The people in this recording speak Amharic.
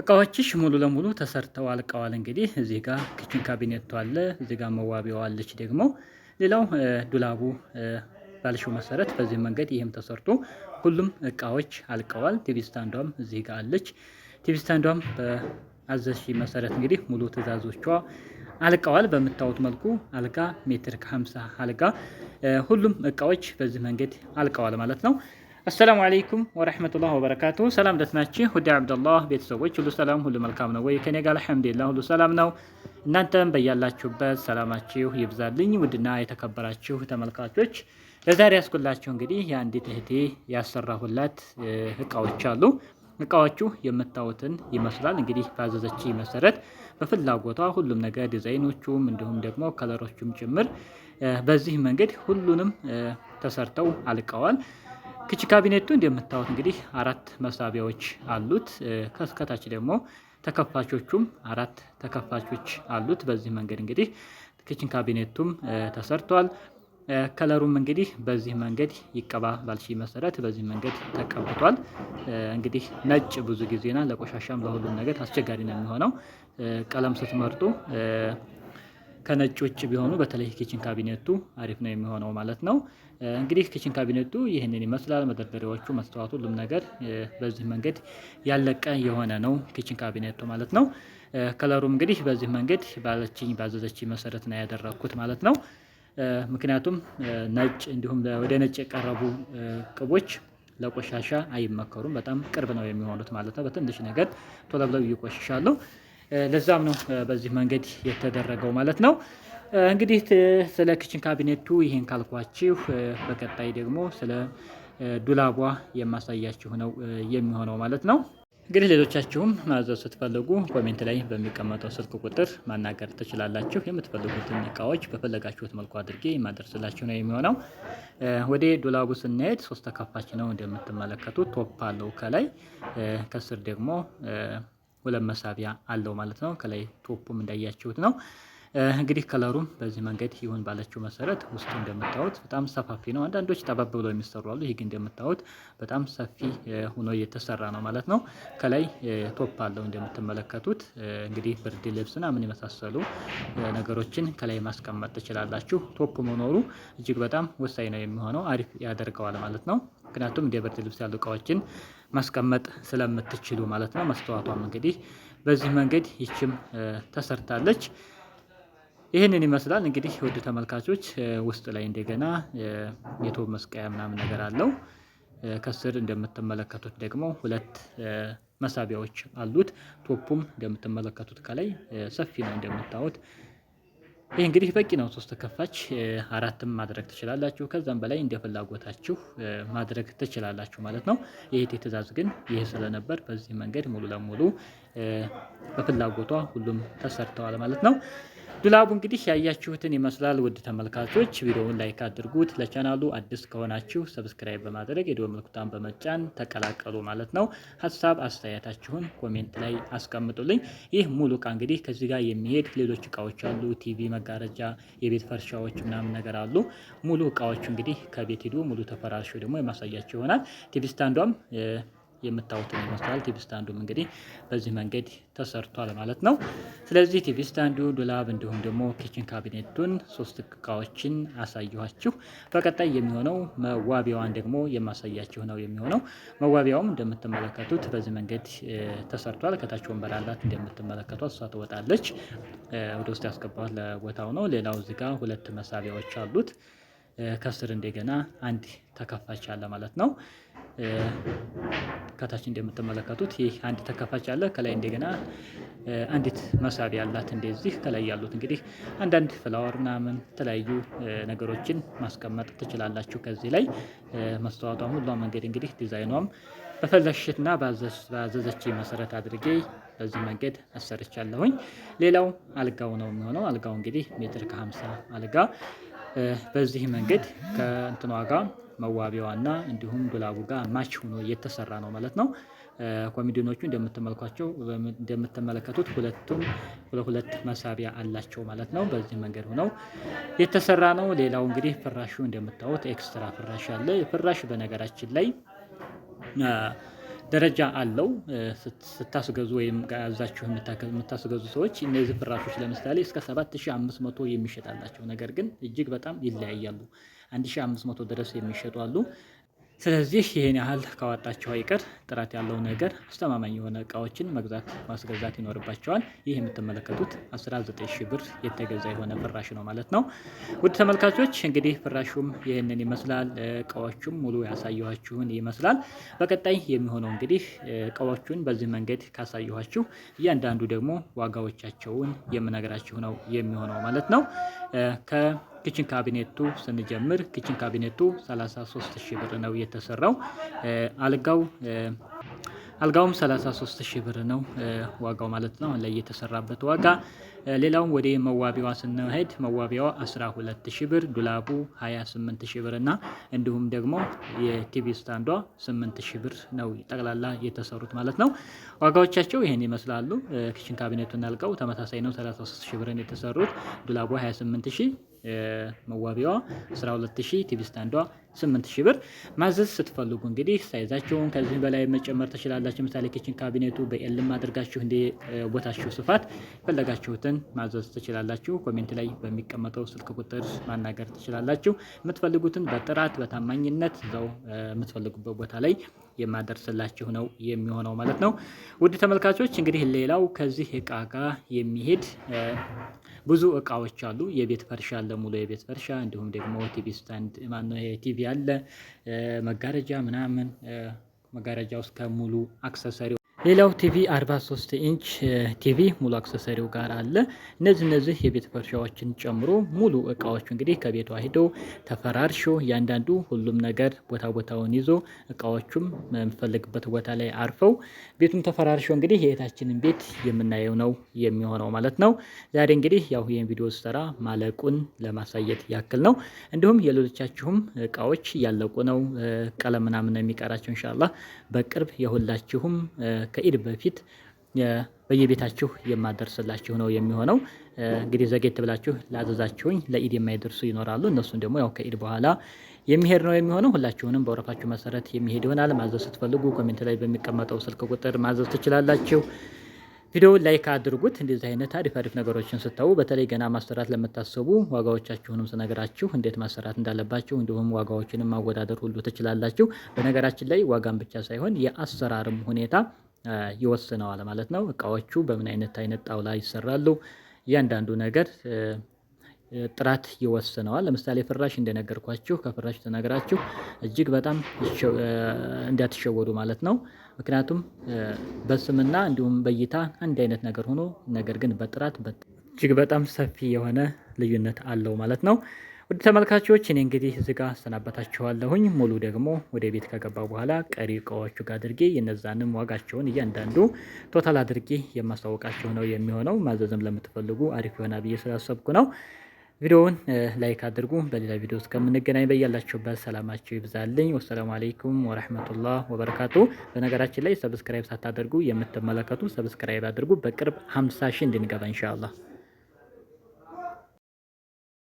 እቃዎችሽ ሙሉ ለሙሉ ተሰርተው አልቀዋል። እንግዲህ እዚህ ጋር ክችን ካቢኔቱ አለ፣ እዚህ ጋር መዋቢያው አለች። ደግሞ ሌላው ዱላቡ ባልሽው መሰረት በዚህ መንገድ ይህም ተሰርቶ ሁሉም እቃዎች አልቀዋል። ቲቪ ስታንዷም እዚህ ጋር አለች። ቲቪ ስታንዷም በአዘሽ መሰረት እንግዲህ ሙሉ ትእዛዞቿ አልቀዋል። በምታዩት መልኩ አልጋ ሜትር ከ50 አልጋ ሁሉም እቃዎች በዚህ መንገድ አልቀዋል ማለት ነው። አሰላሙ አለይኩም ወረህመቱላህ ወበረካቱ። ሰላም ደህና ናችሁ? ሁዲ አብደላህ ቤተሰቦች ሁሉ ሰላም ሁሉ መልካም ነው ወይ? ከኔ ጋር አልሐምዱሊላህ ሁሉ ሰላም ነው። እናንተም በያላችሁበት ሰላማችሁ ይብዛልኝ። ውድና የተከበራችሁ ተመልካቾች ለዛሬ ያስኩላችሁ እንግዲህ የአንዲት እህቴ ያሰራሁላት እቃዎች አሉ። እቃዎቹ የምታዩትን ይመስላል። እንግዲህ ባዘዘች መሰረት በፍላጎቷ ሁሉም ነገር ዲዛይኖቹም፣ እንዲሁም ደግሞ ከለሮቹም ጭምር በዚህ መንገድ ሁሉንም ተሰርተው አልቀዋል። ክች ካቢኔቱ እንደምታዩት እንግዲህ አራት መሳቢያዎች አሉት። ከስከታች ደግሞ ተከፋቾቹም አራት ተከፋቾች አሉት። በዚህ መንገድ እንግዲህ ክችን ካቢኔቱም ተሰርቷል። ከለሩም እንግዲህ በዚህ መንገድ ይቀባ ባልሽ መሰረት በዚህ መንገድ ተቀብቷል። እንግዲህ ነጭ ብዙ ጊዜና ለቆሻሻም ለሁሉም ነገር አስቸጋሪ ነው የሚሆነው ቀለም ስትመርጡ ከነጭ ውጭ ቢሆኑ በተለይ ኪችን ካቢኔቱ አሪፍ ነው የሚሆነው ማለት ነው። እንግዲህ ኪችን ካቢኔቱ ይህንን ይመስላል። መደርደሪያዎቹ፣ መስተዋቱ፣ ሁሉም ነገር በዚህ መንገድ ያለቀ የሆነ ነው ኪችን ካቢኔቱ ማለት ነው። ከለሩም እንግዲህ በዚህ መንገድ ባለችኝ ባዘዘችኝ መሰረት ነው ያደረግኩት ማለት ነው። ምክንያቱም ነጭ እንዲሁም ወደ ነጭ የቀረቡ ቅቦች ለቆሻሻ አይመከሩም። በጣም ቅርብ ነው የሚሆኑት ማለት ነው። በትንሽ ነገር ቶለብለው ብለው ይቆሽሻሉ። ለዛም ነው በዚህ መንገድ የተደረገው ማለት ነው። እንግዲህ ስለ ክችን ካቢኔቱ ይሄን ካልኳችሁ በቀጣይ ደግሞ ስለ ዱላቧ የማሳያችሁ ነው የሚሆነው ማለት ነው። እንግዲህ ሌሎቻችሁም ማዘዝ ስትፈልጉ ኮሜንት ላይ በሚቀመጠው ስልክ ቁጥር ማናገር ትችላላችሁ። የምትፈልጉትን እቃዎች በፈለጋችሁት መልኩ አድርጌ የማደርስላችሁ ነው የሚሆነው። ወደ ዱላቡ ስናሄድ ሶስት ተከፋች ነው እንደምትመለከቱት ቶፕ አለው ከላይ ከስር ደግሞ ሁለት መሳቢያ አለው ማለት ነው። ከላይ ቶፑም እንዳያችሁት ነው። እንግዲህ ከለሩም በዚህ መንገድ ይሁን ባለችው መሰረት ውስጡ እንደምታዩት በጣም ሰፋፊ ነው። አንዳንዶች ጠበብ ብሎ የሚሰሩ አሉ። ይህ ግን እንደምታዩት በጣም ሰፊ ሆኖ የተሰራ ነው ማለት ነው። ከላይ ቶፕ አለው እንደምትመለከቱት። እንግዲህ ብርድ ልብስና ምን የመሳሰሉ ነገሮችን ከላይ ማስቀመጥ ትችላላችሁ። ቶፕ መኖሩ እጅግ በጣም ወሳኝ ነው የሚሆነው አሪፍ ያደርገዋል ማለት ነው። ምክንያቱም እንደ ብርድ ልብስ ያሉ እቃዎችን ማስቀመጥ ስለምትችሉ ማለት ነው። መስተዋቷም እንግዲህ በዚህ መንገድ ይችም ተሰርታለች። ይህንን ይመስላል እንግዲህ ውድ ተመልካቾች። ውስጥ ላይ እንደገና የቶብ መስቀያ ምናምን ነገር አለው። ከስር እንደምትመለከቱት ደግሞ ሁለት መሳቢያዎች አሉት። ቶፑም እንደምትመለከቱት ከላይ ሰፊ ነው እንደምታዩት ይህ እንግዲህ በቂ ነው። ሶስት ከፋች አራትም ማድረግ ትችላላችሁ። ከዛም በላይ እንደ ፍላጎታችሁ ማድረግ ትችላላችሁ ማለት ነው። የእህቴ ትዕዛዝ ግን ይህ ስለነበር በዚህ መንገድ ሙሉ ለሙሉ በፍላጎቷ ሁሉም ተሰርተዋል ማለት ነው። ዱላቡ እንግዲህ ያያችሁትን ይመስላል። ውድ ተመልካቾች ቪዲዮውን ላይክ አድርጉት። ለቻናሉ አዲስ ከሆናችሁ ሰብስክራይብ በማድረግ የደወል ምልክቱን በመጫን ተቀላቀሉ ማለት ነው። ሀሳብ አስተያየታችሁን ኮሜንት ላይ አስቀምጡልኝ። ይህ ሙሉ እቃ እንግዲህ ከዚህ ጋር የሚሄድ ሌሎች እቃዎች አሉ። ቲቪ፣ መጋረጃ፣ የቤት ፈርሻዎች ምናምን ነገር አሉ። ሙሉ እቃዎቹ እንግዲህ ከቤት ሂዱ ሙሉ ተፈራርሾ ደግሞ የማሳያቸው ይሆናል። ቲቪ ስታንዷም የምታዩትን ይመስላል። ቲቪ ስታንዱም እንግዲህ በዚህ መንገድ ተሰርቷል ማለት ነው። ስለዚህ ቲቪ ስታንዱ፣ ዱላብ እንዲሁም ደግሞ ኪችን ካቢኔቱን ሶስት እቃዎችን አሳየኋችሁ። በቀጣይ የሚሆነው መዋቢያዋን ደግሞ የማሳያችሁ ነው የሚሆነው። መዋቢያውም እንደምትመለከቱት በዚህ መንገድ ተሰርቷል። ከታች ወንበር አላት እንደምትመለከቷት፣ እሷ ትወጣለች። ወደ ውስጥ ያስገባት ለቦታው ነው። ሌላው እዚህ ጋ ሁለት መሳቢያዎች አሉት። ከስር እንደገና አንድ ተከፋች አለ ማለት ነው። ከታች እንደምትመለከቱት ይህ አንድ ተከፋች አለ። ከላይ እንደገና አንዲት መሳቢያ አላት። እንደዚህ ከላይ ያሉት እንግዲህ አንዳንድ ፍላወር ምናምን የተለያዩ ነገሮችን ማስቀመጥ ትችላላችሁ። ከዚህ ላይ መስተዋቷም ሁሉ መንገድ እንግዲህ ዲዛይኗም በፈለሽትና በአዘዘች መሰረት አድርጌ በዚህ መንገድ አሰርቻለሁኝ። ሌላው አልጋው ነው የሚሆነው። አልጋው እንግዲህ ሜትር ከ50 አልጋ በዚህ መንገድ ከእንትኗ ጋር መዋቢያዋና እንዲሁም ዱላቡ ጋር ማች ሆኖ እየተሰራ ነው ማለት ነው። ኮሚዲኖቹ እንደምትመልኳቸው እንደምትመለከቱት ሁለቱም ሁለት መሳቢያ አላቸው ማለት ነው። በዚህ መንገድ ሆነው የተሰራ ነው። ሌላው እንግዲህ ፍራሹ እንደምታዩት ኤክስትራ ፍራሽ አለ። ፍራሽ በነገራችን ላይ ደረጃ አለው። ስታስገዙ ወይም ያዛችሁ የምታስገዙ ሰዎች እነዚህ ፍራሾች ለምሳሌ እስከ 7500 የሚሸጣላቸው ነገር ግን እጅግ በጣም ይለያያሉ። 1500 ድረስ የሚሸጡ አሉ። ስለዚህ ይህን ያህል ካወጣቸው አይቀር ጥራት ያለው ነገር አስተማማኝ የሆነ እቃዎችን መግዛት ማስገዛት ይኖርባቸዋል። ይህ የምትመለከቱት 19 ሺህ ብር የተገዛ የሆነ ፍራሽ ነው ማለት ነው። ውድ ተመልካቾች እንግዲህ ፍራሹም ይህንን ይመስላል። እቃዎቹም ሙሉ ያሳየኋችሁን ይመስላል። በቀጣይ የሚሆነው እንግዲህ እቃዎቹን በዚህ መንገድ ካሳየኋችሁ እያንዳንዱ ደግሞ ዋጋዎቻቸውን የምነግራችሁ ነው የሚሆነው ማለት ነው ኪችን ካቢኔቱ ስንጀምር ኪችን ካቢኔቱ 33 ሺህ ብር ነው የተሰራው። አልጋው አልጋውም 33 ሺህ ብር ነው ዋጋው ማለት ነው፣ ላይ የተሰራበት ዋጋ። ሌላውም ወደ መዋቢያዋ ስንሄድ መዋቢያዋ 12 ሺህ ብር፣ ዱላቡ 28 ሺህ ብር እና እንዲሁም ደግሞ የቲቪ ስታንዷ 8 ሺህ ብር ነው ጠቅላላ የተሰሩት ማለት ነው። ዋጋዎቻቸው ይህን ይመስላሉ። ክችን ካቢኔቱን አልጋው ተመሳሳይ ነው፣ 33 ሺህ ብርን የተሰሩት፣ ዱላቡ 28 ሺህ፣ መዋቢያዋ 12 ቲቪ ስታንዷ ስምንት ሺህ ብር ማዘዝ ስትፈልጉ እንግዲህ ሳይዛችሁን ከዚህ በላይ መጨመር ትችላላችሁ። ምሳሌ ኪችን ካቢኔቱ በኤልም አድርጋችሁ እንደ ቦታችሁ ስፋት ፈለጋችሁትን ማዘዝ ትችላላችሁ። ኮሜንት ላይ በሚቀመጠው ስልክ ቁጥር ማናገር ትችላላችሁ። የምትፈልጉትን በጥራት በታማኝነት እዛው የምትፈልጉበት ቦታ ላይ የማደርስላችሁ ነው የሚሆነው ማለት ነው። ውድ ተመልካቾች እንግዲህ ሌላው ከዚህ እቃ ጋር የሚሄድ ብዙ እቃዎች አሉ። የቤት ፈርሻ አለ፣ ሙሉ የቤት ፈርሻ እንዲሁም ደግሞ ቲቪ ስታንድ ማነው ቲቪ አለ፣ መጋረጃ ምናምን መጋረጃ ውስጥ ከሙሉ አክሰሰሪ ሌላው ቲቪ 43 ኢንች ቲቪ ሙሉ አክሰሰሪው ጋር አለ። እነዚህ እነዚህ የቤት ፈርሻዎችን ጨምሮ ሙሉ እቃዎቹ እንግዲህ ከቤቷ ሂደው ተፈራርሾ እያንዳንዱ ሁሉም ነገር ቦታ ቦታውን ይዞ እቃዎቹም የምፈልግበት ቦታ ላይ አርፈው ቤቱም ተፈራርሾ እንግዲህ የቤታችንን ቤት የምናየው ነው የሚሆነው ማለት ነው። ዛሬ እንግዲህ ያው ይህን ቪዲዮ ስሰራ ማለቁን ለማሳየት ያክል ነው። እንዲሁም የሌሎቻችሁም እቃዎች ያለቁ ነው ቀለም ምናምን የሚቀራቸው እንሻላ በቅርብ የሁላችሁም ከኢድ በፊት በየቤታችሁ የማደርስላችሁ ነው የሚሆነው። እንግዲህ ዘጌት ብላችሁ ላዘዛችሁኝ ለኢድ የማይደርሱ ይኖራሉ። እነሱን ደግሞ ያው ከኢድ በኋላ የሚሄድ ነው የሚሆነው። ሁላችሁንም በወረፋችሁ መሰረት የሚሄድ ይሆናል። ማዘዝ ስትፈልጉ ኮሜንት ላይ በሚቀመጠው ስልክ ቁጥር ማዘዝ ትችላላችሁ። ቪዲዮ ላይክ አድርጉት። እንደዚህ አይነት አሪፍ አሪፍ ነገሮችን ስታዩ በተለይ ገና ማሰራት ለምታስቡ ዋጋዎቻችሁንም ስነግራችሁ እንዴት ማሰራት እንዳለባችሁ እንዲሁም ዋጋዎችንም ማወዳደር ሁሉ ትችላላችሁ። በነገራችን ላይ ዋጋን ብቻ ሳይሆን የአሰራርም ሁኔታ ይወስነዋል ማለት ነው። እቃዎቹ በምን አይነት አይነት ጣውላ ይሰራሉ እያንዳንዱ ነገር ጥራት ይወስነዋል። ለምሳሌ ፍራሽ እንደነገርኳችሁ ከፍራሽ ተነግራችሁ እጅግ በጣም እንዳትሸወዱ ማለት ነው። ምክንያቱም በስምና እንዲሁም በእይታ አንድ አይነት ነገር ሆኖ ነገር ግን በጥራት እጅግ በጣም ሰፊ የሆነ ልዩነት አለው ማለት ነው። ውድ ተመልካቾች እኔ እንግዲህ እዚህ ጋር አሰናበታችኋለሁኝ። ሙሉ ደግሞ ወደ ቤት ከገባ በኋላ ቀሪ እቃዎቹ ጋር አድርጌ የነዛንም ዋጋቸውን እያንዳንዱ ቶታል አድርጌ የማስታወቃቸው ነው የሚሆነው። ማዘዝም ለምትፈልጉ አሪፍ ይሆናል ብዬ ስላሰብኩ ነው። ቪዲዮውን ላይክ አድርጉ። በሌላ ቪዲዮ እስከምንገናኝ በያላችሁበት ሰላማችሁ ይብዛልኝ። ወሰላሙ አለይኩም ወረህመቱላህ ወበረካቱ። በነገራችን ላይ ሰብስክራይብ ሳታደርጉ የምትመለከቱ ሰብስክራይብ አድርጉ። በቅርብ 50 ሺህ እንድንገባ ኢንሻአላህ